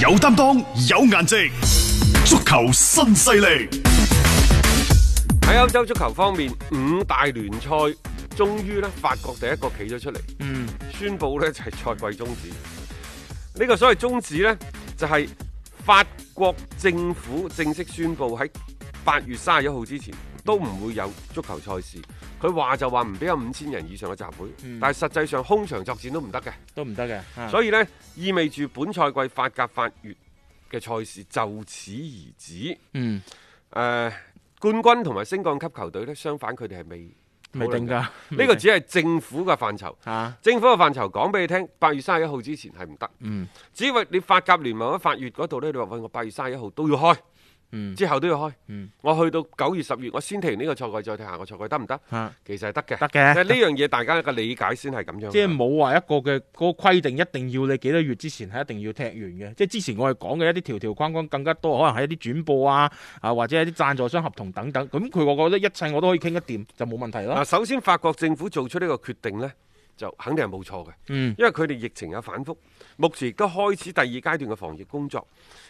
有擔當，有顏值，足球新勢力。喺歐洲足球方面，五大聯賽終於咧，法國第一個企咗出嚟，嗯、宣佈咧就係、是、賽季終止。呢、這個所謂終止咧，就係、是、法國政府正式宣佈喺八月三十一號之前，都唔會有足球賽事。佢話就話唔俾有五千人以上嘅集會，嗯、但係實際上空場作戰都唔得嘅，都唔得嘅。啊、所以呢，意味住本賽季法甲法乙嘅賽事就此而止。嗯，誒、呃，冠軍同埋升降級球隊呢，相反佢哋係未未定噶。呢個只係政府嘅範疇吓，啊、政府嘅範疇講俾你聽，八月三十一號之前係唔得。嗯，只要你法甲聯盟喺法乙嗰度呢，你話俾我八月三十一號都要開。嗯、之後都要開，我去到九月十月，我先停呢個賽季，再踢下個賽季得唔得？行行啊、其實係得嘅，得嘅的。呢樣嘢，大家嘅理解先係咁樣。即係冇話一個嘅嗰個規定，一定要你幾多月之前係一定要踢完嘅。即係之前我哋講嘅一啲條條框框，更加多可能係一啲轉播啊，啊或者一啲贊助商合同等等。咁佢我覺得一切我都可以傾一掂，就冇問題啦。嗱，首先法國政府做出呢個決定呢。就肯定係冇錯嘅，嗯、因為佢哋疫情有反覆，目前都開始第二階段嘅防疫工作。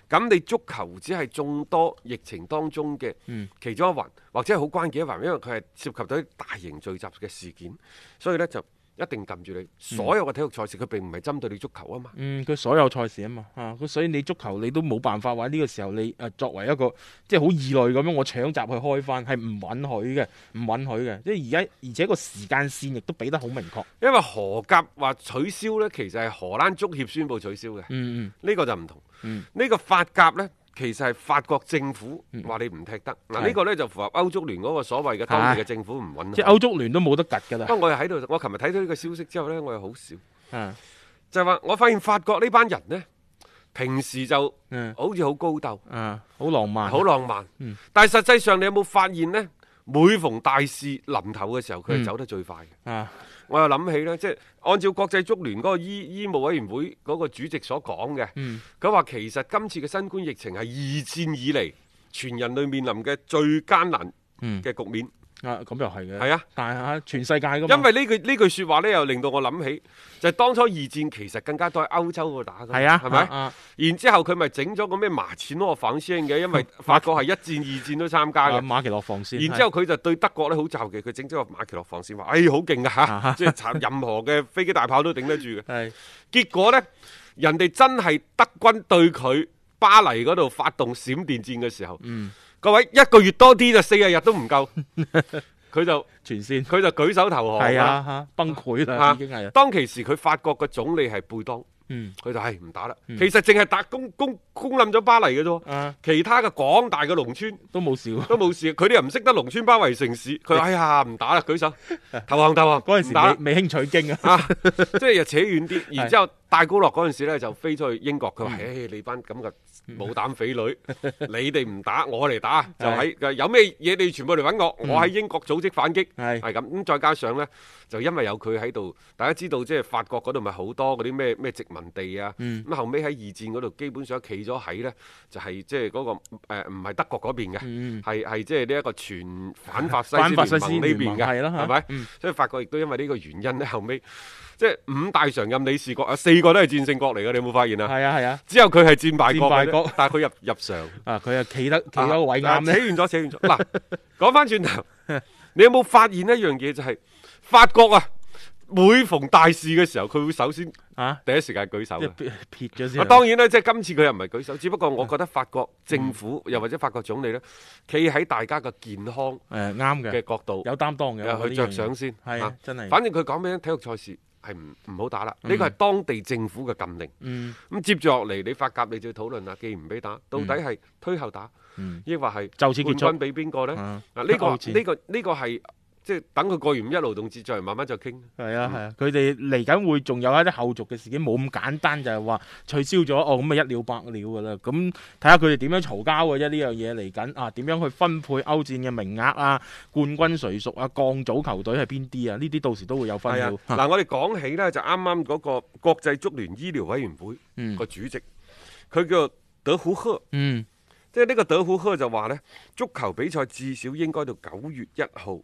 咁你足球只係眾多疫情當中嘅其中一環，嗯、或者好關鍵一環，因為佢係涉及到大型聚集嘅事件，所以咧就。一定撳住你，所有嘅體育賽事佢並唔係針對你足球啊嘛，佢、嗯、所有賽事啊嘛，啊，咁所以你足球你都冇辦法話呢個時候你誒、呃、作為一個即係好異類咁樣，我搶閘去開翻係唔允許嘅，唔允許嘅，即係而家而且個時間線亦都俾得好明確。因為荷甲話取消呢，其實係荷蘭足協宣布取消嘅，嗯嗯，呢個就唔同，嗯，呢個、嗯、呢個法甲呢。其實係法國政府話你唔踢得嗱，嗯、個呢個咧是就符合歐足聯嗰個所謂嘅當地嘅政府唔穩即係歐足聯都冇得突㗎啦。不過、啊、我又喺度，我琴日睇到呢個消息之後咧，我又好笑，啊、就話我發現法國呢班人咧，平時就好似好高鬥，好、啊浪,啊、浪漫，好浪漫，但係實際上你有冇發現咧？每逢大事臨頭嘅時候，佢係走得最快嘅、嗯。啊！我又諗起咧，即係按照國際足聯嗰個醫醫務委員會嗰個主席所講嘅，佢話、嗯、其實今次嘅新冠疫情係二戰以嚟全人類面臨嘅最艱難嘅局面。嗯。啊，咁又係嘅。係啊，但係全世界因為呢句呢句說話咧，又令到我諗起，就係當初二戰其實更加多係歐洲嗰度打嘅。係啊，係咪？然之後佢咪整咗個咩馬錢諾防線嘅？因為法國係一戰二戰都參加嘅。馬其諾防線。然之後佢就對德國咧好驚嘅，佢整咗個馬其諾防線話，哎，好勁噶吓，即係任何嘅飛機大炮都頂得住嘅。係。結果咧，人哋真係德軍對佢巴黎嗰度發動閃電戰嘅時候。嗯。各位一個月多啲就四十日都唔夠，佢就全線，佢就舉手投降，係啊，崩潰啦，已經係。當其時佢法國嘅總理係貝當，嗯，佢就係唔打啦。其實淨係打攻攻攻冧咗巴黎嘅啫，其他嘅廣大嘅農村都冇事，都冇事。佢哋又唔識得農村包圍城市，佢哎呀唔打啦，舉手投降投降。嗰陣時未未興取經啊，即係又扯遠啲，然之後。戴高樂嗰陣時咧，就飛出去英國。佢話：，誒，你班咁嘅冇膽匪女，你哋唔打，我嚟打。就喺，有咩嘢你全部嚟揾我。我喺英國組織反擊，係係咁。咁再加上咧，就因為有佢喺度，大家知道即係法國嗰度咪好多嗰啲咩咩殖民地啊。咁後尾喺二戰嗰度，基本上企咗喺咧，就係即係嗰個誒唔係德國嗰邊嘅，係係即係呢一個全反法西斯呢邊嘅，係咪？所以法國亦都因為呢個原因咧，後尾即係五大常任理事國有四。呢個都係戰勝國嚟嘅，你有冇發現啊？係啊係啊，啊之後佢係戰敗國，敗國但係佢入入常 啊，佢又企得企位。啱，啊，企完咗，企完咗。嗱，講翻轉頭，你有冇發現一樣嘢，就是就係法國啊，每逢大事嘅時候，佢會首先啊，第一時間舉手撇咗先。啊， 啊，當然啦，即係今次佢又唔係舉手，只不過我覺得法國政府，啊嗯，又或者法國總理咧，企喺大家嘅健康誒，啱嘅嘅角度，嗯，有擔當嘅，佢着想先係真係，啊。反正佢講咩體育賽事。係唔唔好打啦，呢個係當地政府嘅禁令。咁、嗯嗯、接住落嚟，你法甲，你就要討論啦，既然唔俾打，到底係推後打，亦或係就此結束？冠軍俾邊個咧？啊，呢、啊呢個呢像、呢個呢、呢個係。呢個即係等佢過完五一勞動節再嚟慢慢再傾。係啊係啊，佢哋嚟緊會仲有一啲後續嘅事件，冇咁簡單，就係話取消咗哦，咁咪一了百了噶啦。咁睇下佢哋點樣嘈交嘅啫，呢樣嘢嚟緊啊，點樣去分配歐戰嘅名額啊，冠軍誰屬啊，降組球隊係邊啲啊？呢啲到時都會有分。嗱、啊啊，我哋講起咧，就啱啱嗰個國際足聯醫療委員會個主席，佢、嗯、叫德胡赫。嗯。即係呢個德好克就話呢，足球比賽至少應該到九月一號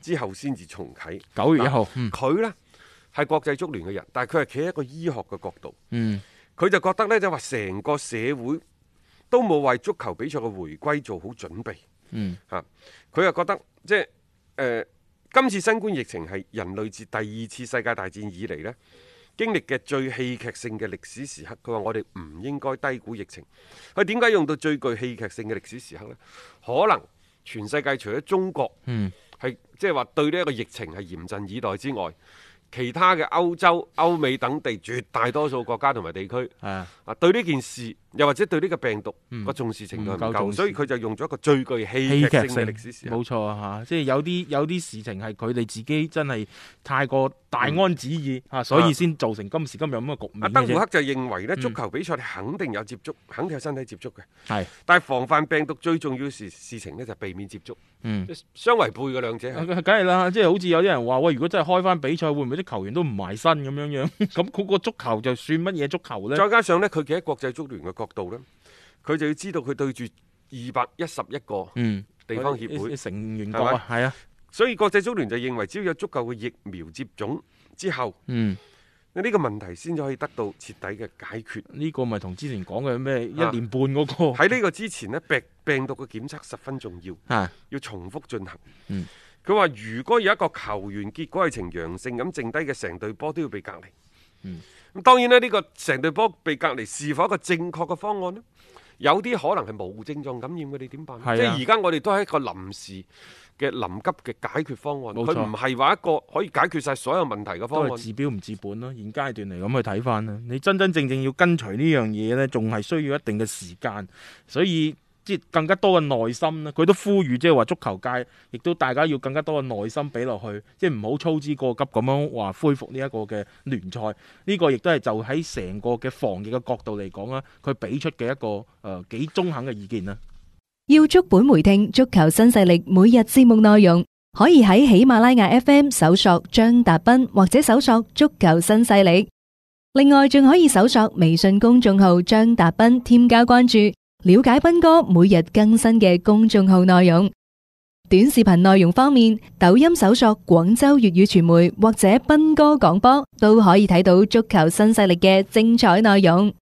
之後先至重啟。九月一號，佢呢係國際足聯嘅人，但係佢係企喺一個醫學嘅角度，佢就覺得呢，就係話成個社會都冇為足球比賽嘅回歸做好準備。吓、嗯，佢又、啊、覺得即係、呃、今次新冠疫情係人類自第二次世界大戰以嚟呢。經歷嘅最戲劇性嘅歷史時刻，佢話我哋唔應該低估疫情。佢點解用到最具戲劇性嘅歷史時刻呢？可能全世界除咗中國，嗯，係即係話對呢一個疫情係嚴陣以待之外，其他嘅歐洲、歐美等地絕大多數國家同埋地區，係啊，啊，對呢件事又或者對呢個病毒個、嗯、重視程度唔夠，嗯、唔夠重視，所以佢就用咗一個最具戲劇性嘅歷史時刻。冇錯啊，嚇！即係有啲有啲事情係佢哋自己真係太過。大、嗯、安旨意啊，嗯、所以先造成今時今日咁嘅局面。阿、啊、登戶克就認為咧，嗯、足球比賽肯定有接觸，肯定有身體接觸嘅。係是，但係防範病毒最重要事事情呢，就是、避免接觸。嗯，相違背嘅兩者梗係啦，即係、啊就是、好似有啲人話喂，如果真係開翻比賽，會唔會啲球員都唔埋身咁樣樣？咁 嗰個足球就算乜嘢足球咧？嗯、再加上咧，佢企喺國際足聯嘅角度咧，佢就要知道佢對住二百一十一個嗯地方協會、嗯、成員國係吧啊。所以國際足聯就認為，只要有足夠嘅疫苗接種之後，嗯，呢個問題先至可以得到徹底嘅解決。呢個咪同之前講嘅咩一年半嗰、嗰個？喺呢、啊、個之前咧，病病毒嘅檢測十分重要，啊，要重複進行。嗯，佢話如果有一個球員結果係呈陽性咁，剩低嘅成隊波都要被隔離。嗯，咁當然呢，呢、呢個成隊波被隔離是否一個正確嘅方案呢？有啲可能係無症狀感染嘅，你點辦？是啊、即係而家我哋都係一個臨時嘅臨急嘅解決方案，佢唔係話一個可以解決晒所有問題嘅方案，治標唔治本咯。現階段嚟咁去睇翻啦，你真真正正要跟隨呢樣嘢咧，仲係需要一定嘅時間，所以。即係更加多嘅耐心啦，佢都呼籲，即係話足球界亦都大家要更加多嘅耐心俾落去，即係唔好操之過急咁樣話恢復呢一個嘅聯賽。呢個亦都係就喺成個嘅防疫嘅角度嚟講啦，佢俾出嘅一個誒幾中肯嘅意見啦。要足本回聽足球新勢力每日節目內容，可以喺喜馬拉雅 FM 搜索張達斌，或者搜索足球新勢力。另外仲可以搜索微信公眾號張達斌，添加關注。了解斌哥每日更新嘅公眾號內容，短視頻內容方面，抖音搜索廣州粵語傳媒或者斌哥廣播都可以睇到足球新勢力嘅精彩內容。